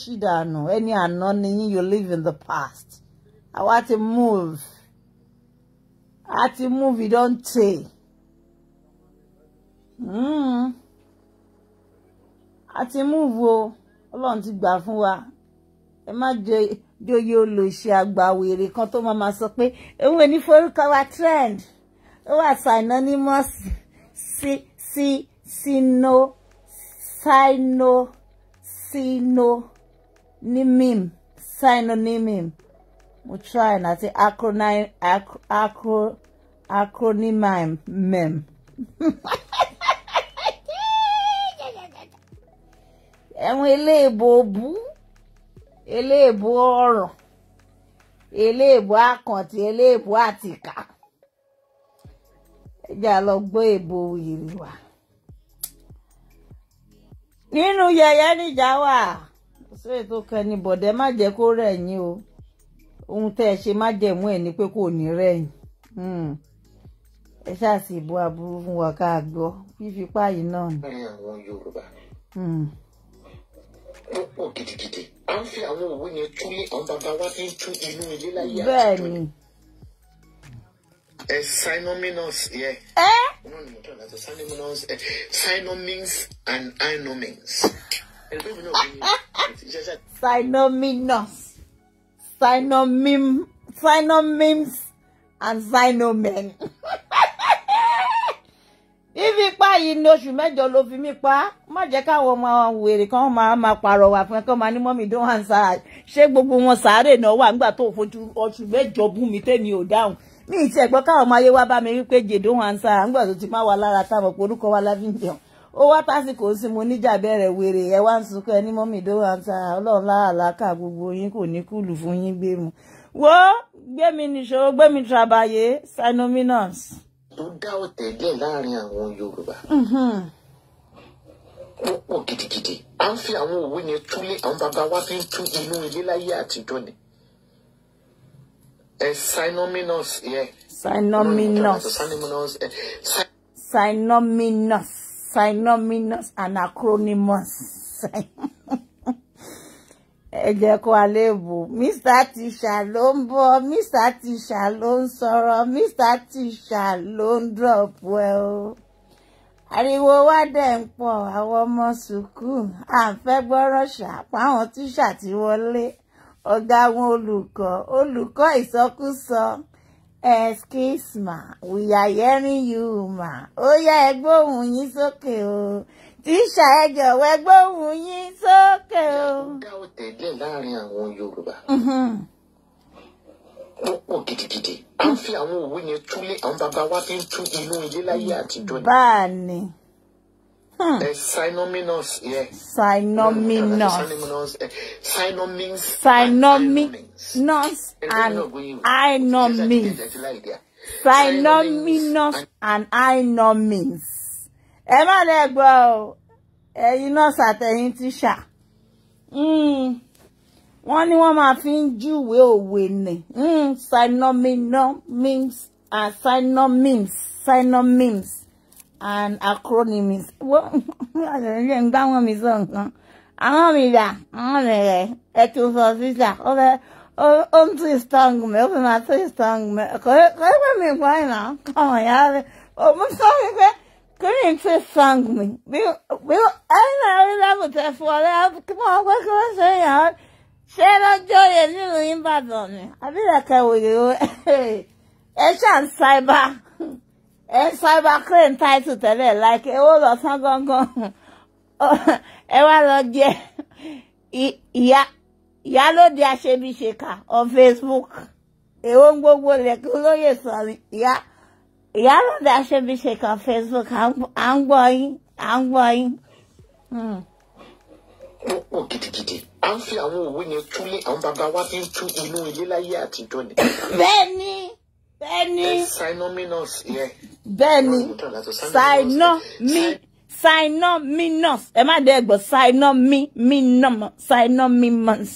She dànù ẹni àná ni you live in the past àwa ti move a ti move you don tey hmm. a ti move o ọlọ́run ti gbà fún wa ẹ má jẹ jóyè olóṣè àgbàwèrè kan tó máa máa sọ pé òun ò ní forúkọ wa trend ó wà synonymous See, sí sí no. sino sino. nimim synonymim we'll try and say acronym acro, acronym mem ẹ̀wọ̀n eléèbó bú eléèbó ọ̀rọ̀ eléèbó àkàntì eléèbó àtìkà yìí wá nínú níjà wà. àṣírí tó kẹ ni bọ̀dẹ́ má jẹ́ kó rẹ̀ yín o ohun tẹ́ ẹ ṣe má jẹ̀mú ẹ̀ ni pé kò ní rẹ̀ yín hmm. ẹ ṣáà sì bu aburú fún wa ká gbọ́ fífipá yìí náà ni. Hmm. pọ̀ gidigidi à ń fi àwọn òwe yẹn túlé àwọn bàbá wa ń tú inú ilé láyé àtúntò bẹ́ẹ̀ ni. ẹ synonymous yẹ. ẹ. wọn and anonyms. Synonymous. Synonym, synonyms and If Ibi pa you know oṣù mẹ́jọ ló fi mí pa. Ma jẹ́ káwọn ọmọ wèrè kan máa máa pàrọwà fún ẹ kán máa ní mọ́mì dún wà ń sáà. Ṣé gbogbo wọn sàárè náà wà nígbà tó o oṣù mẹ́jọ bú mi tẹ́mi ò dáhùn mi ì tiẹ̀ gbọ́ káwọn ọmọ ayé wá bá mi wípé jèdó wọn ń sá à ń ti má wa lára táwọn orúkọ wa lábí ń ó wá tásìkò sí mo níjà bẹ̀rẹ̀ wèrè ẹ wá ń sunkún ẹ ní mọ́mì dó wá ń ta ọlọ́run láàlákà gbogbo yín kò ní kùlù fún yín gbé mu wo gbémi nìṣó gbémi trabayé sinominus. tó dá ọ̀tẹ̀ díẹ̀ láàrin àwọn yorùbá mm-hmm. ó pọ̀ gidigidi à ń fi àwọn òwe yẹn túlé àwọn bàbá wa fi ń tú inú ilé láyé àtijọ́ ni sinominus yẹn. sinominus sinominus. Eh synonymous and acronymous ẹ jẹ́ kó mr tisha ló ń mr tisha ló ń mr tisha ló ń drop ẹ o ariwo wá dẹ̀ ń pọ̀ àwọn ọmọ sùkúù à ń fẹ́ gbọ́rọ̀ ṣàpá àwọn ti wọlé ọ̀gá àwọn olùkọ́ olùkọ́ ìsọkúsọ. So Excuse ma, we are hearing you ma. Ó yá ẹ gbóhùn yín sókè o. Tíṣà ẹ jọ̀wọ́ ẹ gbóhùn yín sókè o. Dá o tẹ̀lé láàrin àwọn Yorùbá. Mhm. Ó pọ̀ gidigidi. A fi àwọn òwe yẹn túlé àwọn bàbá wa fi ń tú inú ilé láyé àtijọ́. Báà ni. Hmm. Uh, eh, synonymous, yeah. Synonymous. Synonymous. Eh. Synonyms. Synonymous and means. Synonymous and eh, inomins. Ẹ má lè gbọ́ o, ẹ̀yin nọ́ọ̀sì àtẹ̀yin tíṣà. Hmm. Wọ́n ní wọ́n máa fi ń júwe òwe nì. Hmm. Synonymous means and synonyms. Synonyms and acronyms ń gbá wọn mi sọ nǹkan àwọn mi rà àwọn mi rẹ ẹ tún sọ sísà ó fẹ ó ń tún strong mi ó fi máa tún strong mi kò kò pé mi kọ́ ẹ̀ náà kọ́mọ̀ yá rẹ̀ ó mú sọ mi pé kò ní tún strong mi bí bí ẹni náà rí lábùtẹ̀ fún ọ lẹ́yìn kí wọ́n pẹ́ kí wọ́n ṣe yàn án ṣé lọ́jọ́ yẹn nílùú Ìbàdàn ni àbí ìrẹ̀kẹ̀ wòye ẹ ṣàn ṣàìbá ẹ cybercrime title tẹ́lẹ̀ like owó lọ́sán gangan ẹ wá lọ jẹ ìyálóde aṣebiṣeka on Facebook èwo ń gbogbo lẹ́kí olóyè sọ̀rin ìyálóde aṣebiṣeka on Facebook à ń gbọ́ yín à ń gbọ́ yín. pọ̀ hmm. gidigidi à ń fi àwọn òwe yẹn túlé àwọn bàbá wa fi ń tú inú ilé láyé àtijọ́ ni. bẹ́ẹ̀ ni. Bẹ́ẹ̀ni. Sign minus yẹn. Bẹ́ẹ̀ni. Sign Sign minus. Ẹ má dẹ́ gbọ́ sign mi minus. Sign minus.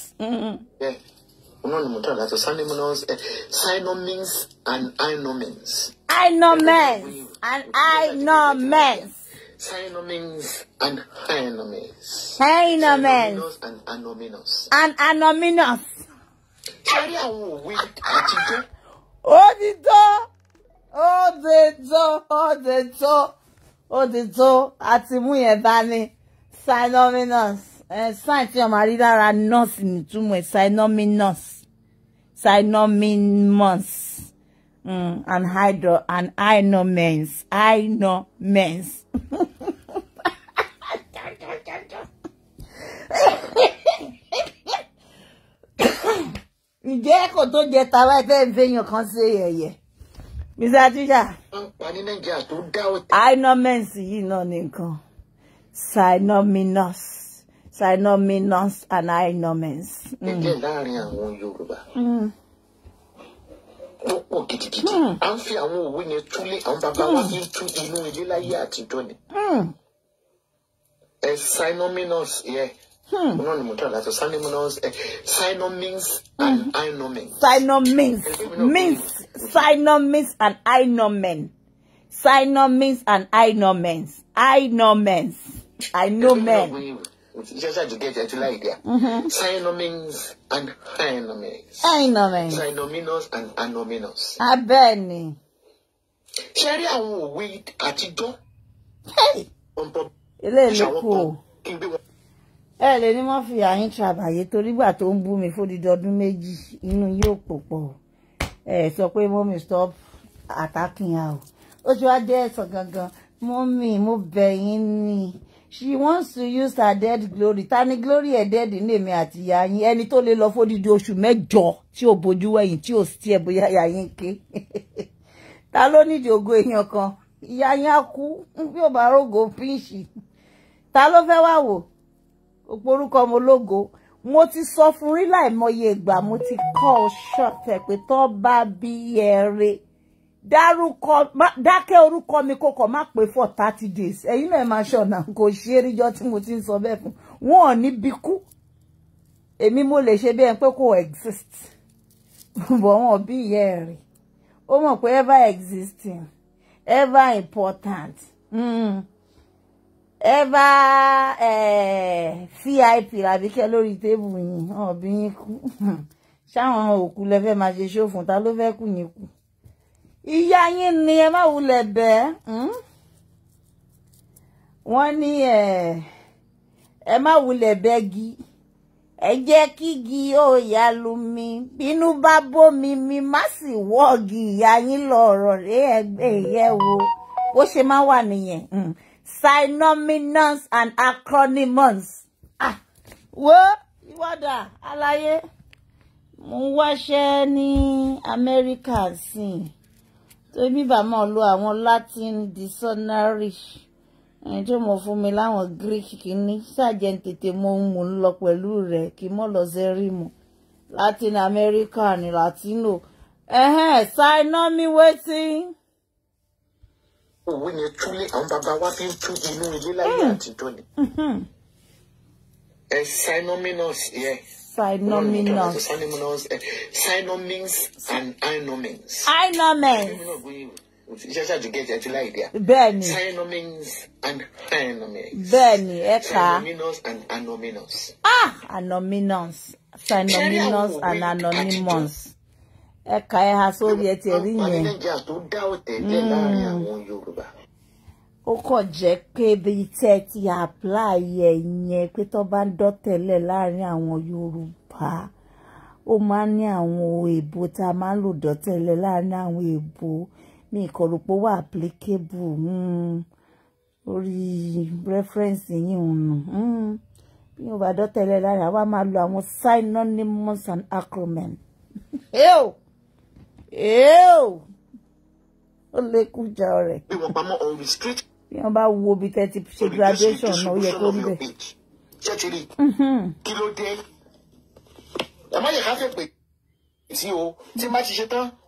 Synomines and inomines. Inomines and inomines. Synomines and inomines. Synomines and anominos. And anominos. Ṣé rí àwọn òwe àtijọ́? ó ti tó ó ti tó ó ti tó ó ti tó a ti mú yẹn bá ní synominus sign tí ọmọ àrídára nurse nìtúmọ̀ ẹ̀ synominus synominus hmm, and hydro and ǹjẹ́ kò tó jẹ tàwa ẹ̀fẹ́ ń fẹ́yàn kan ṣe yẹ̀yẹ̀ mr atisha. ọ̀pá ní nàìjíríà tó dá òtẹ́. inomens yìí náà nìkan synominous synominous and inomens. ẹ̀jẹ̀ mm. láàrin àwọn yorùbá mm. ó pọ̀ gidigidi mm. à ń fi àwọn òwe yẹn túlé àwọn bàbá wa fi tú inú ilé láyé àtijọ́ ni. ẹ̀ synominous yẹn. Yeah. Hmm. One of them so synonyms, uh, eh, synonyms and hmm. inomens. Synonyms means synonyms and inomen. Synonyms and inomens. Inomens. I know men. Just had to get it like that. Mm-hmm. Synonyms and inomens. Inomens. Synonyms and anomenos. Abẹ́ni. Ṣé rí àwọn òwe àtijọ́? Hey! Ilé ìlú kù. Kí n gbé ẹ lè ní wọ́n fi àyín ṣàbàyè torí gbà tó ń bú mi fódìdí ọdún méjì inú yóò pò pọ̀ ẹ sọ pé mọ́mí stop attacking her o ó ṣe wá dé ẹ̀sán gangan mọ́mí mo bẹ̀ yín ni she wants to use her dead glory ta ni glory ẹ̀ dead ní èmi àti ìyá yín ẹni tó lè lọ fódìdí oṣù mẹ́jọ tí ò bójú wẹ̀yìn tí ò sí ẹ̀ bóyá ìyá yín ké ta ló nídìí ògo èèyàn kan ìyá yín á kú bí ò bá rògo píìsì ta ló fẹ́ wá wò orúkọ mo lógo mo ti sọ fún rí láìmọye ìgbà mo ti kọ́ ọ ṣọ̀tẹ̀ pé tó bá bí ẹ̀rẹ́ dárúkọ dákẹ́ orúkọ mi koko. kọ̀ má for thirty days ẹ̀yin náà máa ṣọ̀nà kò ṣe é ríjọ́ tí mo ti ń sọ bẹ́ẹ̀ fún wọn ò ní bí kú èmi mo lè ṣe bẹ́ẹ̀ pé kò exist bọ̀ wọn bí ìyá ẹ̀ rí ó ever existing ever important. Mm. Eh, ẹ bá vip làbíkẹ́ lórí tébù yìí hàn bí yín kú ṣáwọn òkú lẹ fẹ́ máa ṣe ṣòfò ta ló fẹ́ kù yín kù ìyá yín ni ẹ má wulẹ̀ bẹ́ẹ̀ hmm? wọ́n ní eh, ẹ má wulẹ̀ bẹ́gi ẹ jẹ́ kígi ó yá lu mi bínú bá bómi mi má sì wọ́ọ̀gì ìyá yín lọ ọ̀rọ̀ rẹ ẹgbẹ́ ìyẹ̀wò bó ṣe má wà nìyẹn. Hmm? synonyms and acronyms. Ah, wo ìwádà aláyé mo ń wáṣẹ́ ní Amẹ́ríkà sí i tó bí bàmọ́ lo àwọn Latin dictionary ẹni tó mọ̀ fún mi láwọn Greek kini. ṣàjẹ́ ń tètè mo ń mò ń lọ pẹ̀lú rẹ̀ kí mọ́ Latin American ni Latino Eh, synonyms waiting òwe yẹn túlé àwọn bàbá wa fi ń tú inú ilé láyé hmm. àtijọ́ ni. Mm-hmm. ẹ synonymous yẹ. synonymous. synonymous eh, synonyms and inomins. inomins. Ṣẹ́ṣẹ́ àti gẹ̀ẹ́sì ẹ̀tún láì díà. Bẹ́ẹ̀ni. Synonyms and inomins. Bẹ́ẹ̀ni ẹ kà. Synonymous and anominous. Ah! Anominous. Synonymous and anonymous ẹ ka ẹ ha sórí ẹ tiẹ̀ rí yẹn. ìjà tó dá ọ̀tẹ̀lẹ̀ hmm. láàrin àwọn Yorùbá. ó kàn jẹ́ pé bíi tẹ́ ti apply ẹ̀ yẹn pé tó bá ń dọ́tẹ̀lẹ̀ láàrin àwọn Yorùbá ó máa ń ní àwọn èèbò tá a máa ń lò dọ́tẹ̀lẹ̀ láàrin àwọn èèbò ní ìkọlùpọ̀ wà applicable hmm. orí reference yìí ń nù hmm. bí wọn bá dọ́tẹ̀lẹ̀ láàrin àwa máa lo àwọn synonyms and acronyms. ẹ́ẹ́ò ó lékún jà ọ̀rẹ́. bí wọ́n bá wo bí tẹ́tí ṣe graduation náà ó yẹ kó rí bẹ́ẹ̀. ṣé ti rí mm-hmm. kí ló dé ẹ má yẹ ká fẹ́ pé tí o tí má ti ṣe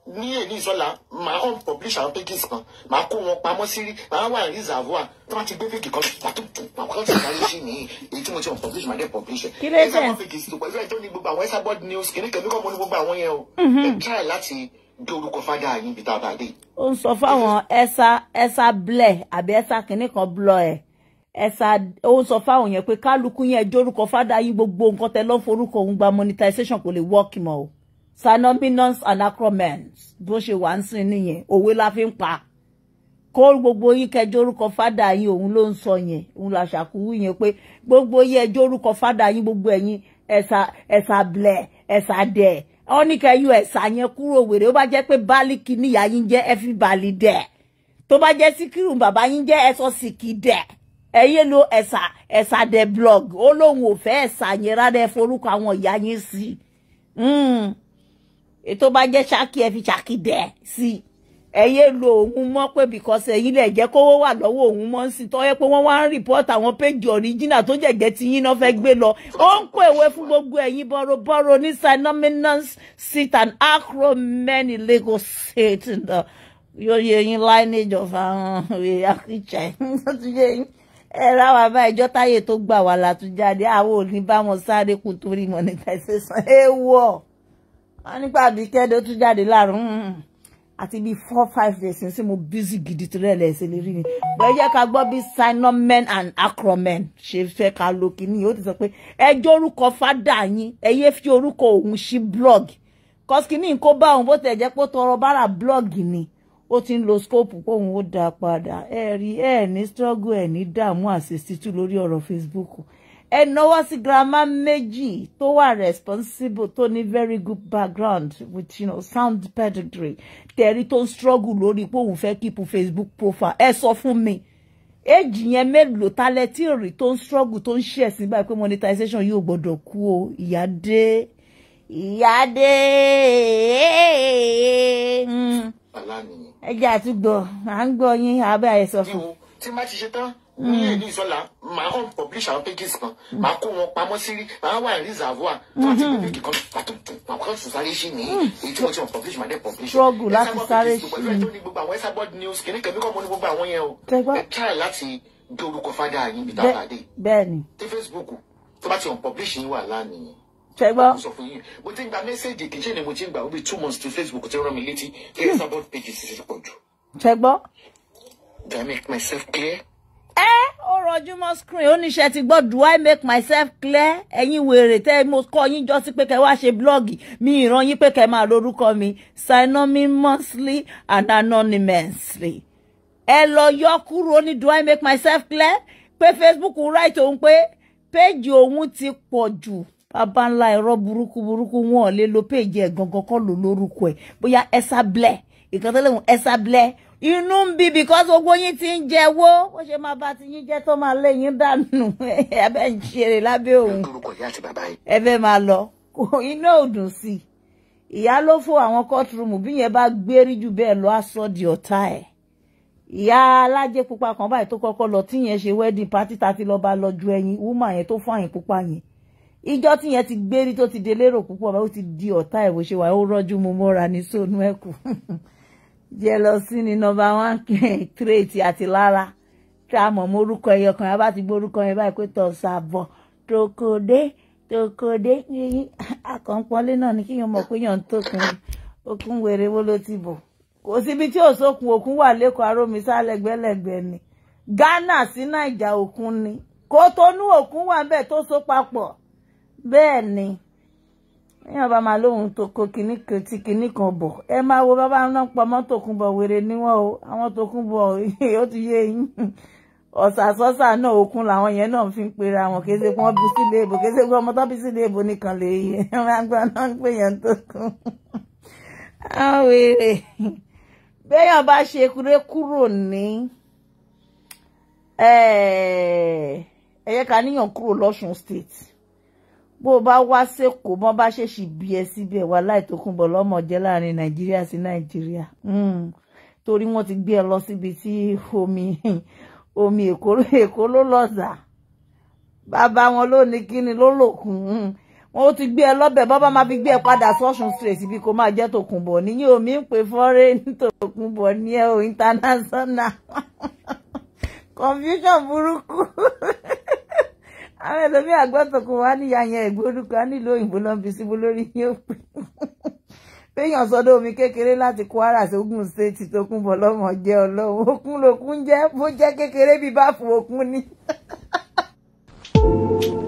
ni ní èyí ìsọlá máa ń publish àwọn pages kan máa kó wọn pamọ́ sí máa wà ní reservoir tí wọ́n ti gbé fèkì kan pàtó pàtó tí ìdarí sí nìyí èyí tí mo ti wọn publish máa dé publish ẹ̀. kí lè jẹ́ ẹ̀ ẹ́ sábà fèkì sí gbogbo àwọn ẹ̀ sábà news kìnnìkan bí kò mọ ní gbogbo àwọn yẹn o mm-hmm. ẹ̀ try láti jẹ́ orúkọ fádà yín bí tá a bá dé. ó ń sọ fáwọn ẹsà ẹsà blẹ àbí ẹsà kìnnì kan blọ ẹ ẹsà ó ń sọ fáwọn yẹn pé kálukú yẹn jẹ́ orúkọ fádà yín gbogbo nǹkan tẹ́ lọ forúkọ òun gba monetization kò lè work mọ́ o sanominons anacromens bó ṣe wà ń sìn nìyẹn òwe la fi ń pa kó gbogbo yín kẹjọ orúkọ fádà yín òun ló ń sọ yẹn òun la ṣàkúrú yẹn pé gbogbo yín ẹjọ orúkọ fádà yín gbogbo ẹ̀yin ẹsà ẹsà blẹ ẹsà dẹ ọ ní kẹ́ yọ ẹ̀sà yẹn kúrò wèrè ó bá jẹ́ pé bálíkì níyà yín jẹ́ ẹfí balì dẹ̀ tó bá jẹ́ síkírù bàbá yín jẹ́ ẹsọ sìkì dẹ̀ ẹ lo ẹ̀sà ẹ̀sà dẹ̀ blog ó lóun ò fẹ́ ẹ̀sà yẹn rárá ẹ forúkọ àwọn ìyá yín sí i hmm. tó bá jẹ́ ṣákì ẹ fi ṣákì dẹ̀ sí i ẹyẹ lo òun mọ pé because ẹ̀yin lẹ jẹ́ kówó wà lọ́wọ́ òun mọ ń sìn tọyẹ pé wọ́n wá ń rìpọ́tà àwọn péjì ọ̀ríjìnà tó jẹ̀jẹ̀ tí yín náà fẹ́ gbé lọ ó ń kó ewé fún gbogbo ẹ̀yin bọ́rọ̀bọ́rọ̀ ní synonymous sit and acro many legal state ǹdọ yóò yẹ yín lineage of àwọn ìyàkìjà ẹ̀rọ àwọn àbá ìjọ táyé tó gbà wà látújáde àwọn ò ní bá wọn sáré kù torí monetization ẹ wọ wọn nípa àbíkẹ́ tó tún jáde láàrún. Hmm. Ati bi four five days nse mo busy gidi torí ẹlẹ ṣe lè rí mi bẹ́ẹ̀ jẹ́ ká gbọ́ bí sinomen and acromen ṣe fẹ́ ká lo kínní ó ti sọ pé ẹjọ́ orúkọ fádà yín ẹ fi orúkọ òun sí blog kọ́sìkínní kó bá òun bó tẹ̀ jẹ́ pé tọrọ bára blog ni ó ti ń lo scope kóun ó dá padà ẹ rí ẹ ní struggle ẹ ní dààmú àṣìṣítù lórí ọ̀rọ̀ Facebook ẹ náwó sí grandma méjì tó wà responsible tó ní very good background with you know, sound pedigree tẹ̀rí tó ń struggle lórí pé òun fẹ́ keep Facebook profile ẹ sọ fún mi èjì yẹn mélòó talẹ tí òrì tó ń struggle tó ń ṣe ẹ̀sìn báyìí pé monetization yóò gbọ́dọ̀ kú o ìyá dé ìyá dé mm. ẹ jẹ́ àtúgbọ̀ à ń gbọ́ yín abẹ́ àyẹ̀sọ̀ fún. tí má ti ṣe tán ní mm. èyí ìsọ̀la màá hàn publish pages kan màá kó wọn pamọ́ sí màá wà ní reservoir wọn ti gbé kìkan pàtó màá kọ́ sùn sáré sí ní èyí tí wọ́n ti hàn mm-hmm. mm. publish màá dẹ̀ publish. struggle láti sí i. tó ní gbogbo àwọn Esabod news kìíní kẹ̀mí kọ́ mọ́ ní gbogbo àwọn yẹn o ẹ try láti gbé orúkọ fada yín bí táwọn àdé. bẹ́ẹ̀ni. tí Facebook tó bá ti hàn publish yín wà lánìí tẹgbọ́. mo sọ fún yín mo ti ń ni mo ti ń gba omi two months to Facebook ti rán mi létí hmm. Esabod pages ti pọ̀ jù. tẹgbọ́. do I make myself clear? ẹ eh, ó rọjúmọ́ screen ó ní ṣe ti gbọ́ do I make myself clear ẹ̀yin wèrè tẹ́ mo kọ́ yín jọ sí pé kẹ́ wá ṣe blọ́ọ̀gì mi ìran yín pé kẹ́ máa lórúkọ mi synonymously and anonymously ẹ lọ yọ kúrò ní do I make myself clear pé Facebook write òun pé péèjì òun ti pọ̀ jù bàbá ńlá ẹ̀rọ burúkú burúkú wọn ò lè lo péèjì ẹ̀ gangan kọ́ lò lórúkọ ẹ̀ bóyá ẹ̀sà blẹ̀ ìkàntẹ́lẹ̀ ẹ̀sà blẹ̀ inú ń bí because owó yín ti ń jẹwó ó ṣe máa bá ti yín jẹ tó máa lé yín dànù ẹbẹ ń ṣeré lábẹ́ òun ẹbẹ máa lọ iná ò dùn sí i ìyá ló fún àwọn courtroom bí yẹn bá gbérí jù bẹ́ẹ̀ lọ aṣọ di ọ̀tá ẹ̀ ìyá alájẹ pupa kan báyìí tó kọ́kọ́ lọ tí yẹn ṣe wedding party ta fi lọọ bá lọ ju ẹyin wúmà yẹn tó fún àyìn pupa yẹn ìjọ tí yẹn ti gbérí tó ti delérò púpọ̀ ó ti di ọ̀tá ẹ̀ bó ṣe wà ó rọ́jú mu mọ́ra ní sónú ẹ̀kú jealousy ni number one trait àti lára tá a mọ̀ mórúkọ ẹyọ kan yẹn bá ti gbórúkọ yẹn báyìí pé tọ̀ ṣàbọ̀ tòkòdé tòkòdé yìí àkànpọ́nlé náà ni kíyàn mọ̀ pé yàn ń tókun okun wèrè wo ló ti bọ̀ kò síbi tí ò sókun òkun wà lẹ́kọ̀ọ́ arómisá lẹ́gbẹ́lẹ́gbẹ́ ni Ghana sí Naija òkun ni kó tónú òkun wà bẹ́ẹ̀ tó so papọ̀ bẹ́ẹ̀ ni èèyàn bá máa lóhun tó kó kinní kan tí kinní kan bọ̀ ẹ máa wo bàbá náà pọ̀ mọ́tò kún bọ̀ wèrè níwọ̀n o àwọn tó kún bọ̀ ó ti yé yín ọ̀sàsọ́sà náà òkun làwọn yẹn náà fi ń pera wọn kì í ṣe pé wọ́n bí sílé èbò kì í ṣe pé ọmọ tó bí sílé èbò nìkan lè yẹ ẹ̀rọ náà ń pè yẹn tó kún àwọn wèrè béèyàn bá ṣe kúré kúrò ní ẹ̀yẹ ká kúrò lọ́sùn state bó o bá wá sẹ́kọ̀ọ́ mọ́ bá ṣèṣì bí ẹ síbẹ̀ wá láì tó kún bọ̀ lọ́mọdé láàrin nàìjíríà sí nàìjíríà hmm. torí wọ́n ti gbé ẹ lọ síbi tí omi omi èkó ló lọ́sà bàbá wọn ló ní kíni ló lòkùn hmm. wọn ó ti gbé ẹ lọ́bẹ̀ bàbá máa fi gbé ẹ padà sọ́sùn straight ibi kò máa jẹ́ tòkùnbọ̀ níyìn omi ń pè foreign tòkùnbọ̀ ní ẹ o international confusion burúkú. àwọn ẹlòmí àgbọ̀tọ̀kọ wa níyà yẹn ìgbórúkọ á nílò òyìnbó lọ bí síbo lórí yóò pè péyàn sọdọ omi kékeré láti Kwara sí Ogun State tó kún bọ lọmọ jẹ Ọlọ́run okun lòkun jẹ bó jẹ kékeré bíi báfù okun ni.